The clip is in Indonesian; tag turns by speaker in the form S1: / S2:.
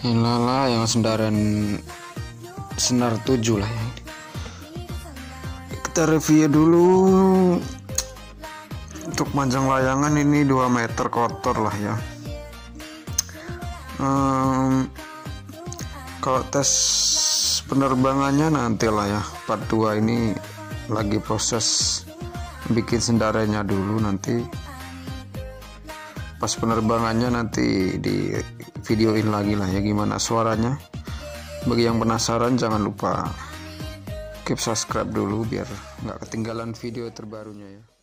S1: Lala yang sendaran senar tujuh lah ya.
S2: Kita review dulu untuk panjang layangan ini 2 meter kotor lah ya. Um, kalau tes penerbangannya nanti lah ya part 2 ini lagi proses bikin sendaranya dulu nanti pas penerbangannya nanti di videoin lagi lah ya gimana suaranya bagi yang penasaran jangan lupa keep subscribe dulu biar
S3: nggak ketinggalan video terbarunya ya